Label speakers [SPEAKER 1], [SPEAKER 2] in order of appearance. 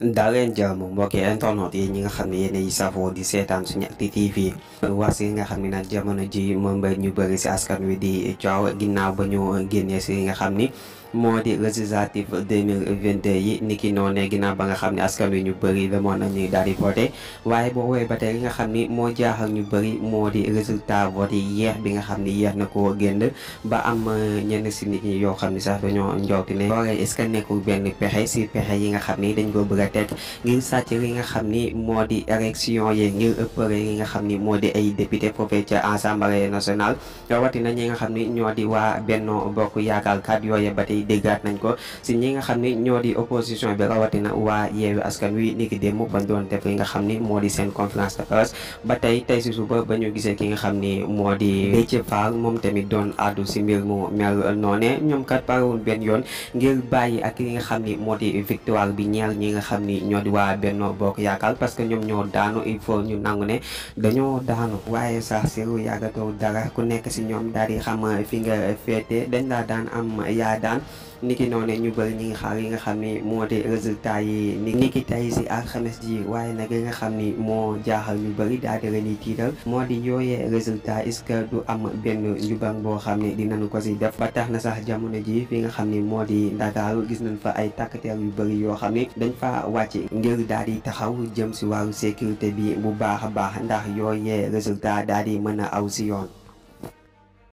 [SPEAKER 1] daa leen jàmm mbokki internet yi ñi nga xam ne yi saafoo di seetaan suñu Actu TV wax si nga xam ni nag jamono ji moom ba ñu bëri si askan wi di coow ginnaaw ba ñu génnee si nga xam ni moo di législative 2022 yi niki noonee ginnaaw ba nga xam ne askan wi ñu bëri demoon nañu daal di voté waaye boo woowee ba tey nga xam ni moo jaaxal ñu moo di résultat vote bi nga xam ni yeex na koo génn ba am euh, ñenn si yoo xam ni sax dañoo njorti ne loolee est-ce benn pexe si pexe yi nga xam ni dañ ko bëgg a teg ngir sàcc li nga xam ni moo di élection yi ngir ëppale li nga xam ni moo di ay député foofee ca Assemblée nationale rawatina ñi nga xam ni ñoo waa Benno Bokk Yaakaar kat yooye ba tey bi nañ ko si ñi nga xam ni ñoo di opposition bi rawatina waa yeewi askan wi ni ki démb ba doon def li nga xam ni moo di seen conférence de presse ba tey tey si suba ba ñu gisee ki nga xam ni moo di Déthié Fall moom tamit doon addu si mbir mu mel noone ñoom kat parewul benn yoon ngir bàyyi ak li nga xam ni moo di victoire bi ñeel ñi nga xam ni ñoo di waa Benno Bokk Yaakaar parce que ñoom ñoo daanu il faut ñu nangu ne dañoo daanu waaye sax si lu yàggatoo dara ku nekk si ñoom daal yi xam fi nga féete dañ laa daan am yaa daan ki noonu ñu bëri ñi ngi xaar yi nga xam ni moo di résultat yi niki tey si xemees ji waaye nag yi nga xam ni moo jaaxal ñu bari daal di leen tiital moo di yooyee résultat est-ce que du am benn njubang boo xam ne dinañu ko si def ba tax na sax jamono ji fi nga xam ni moo di Ndakaaru gis nañ fa ay takkateer yu bëri yoo xam ni dañ fa wàcc ngir daal di taxaw jëm si wàllu sécurité bi bu baax a baax ndax yooyee résultat daal di mën a aw si yoon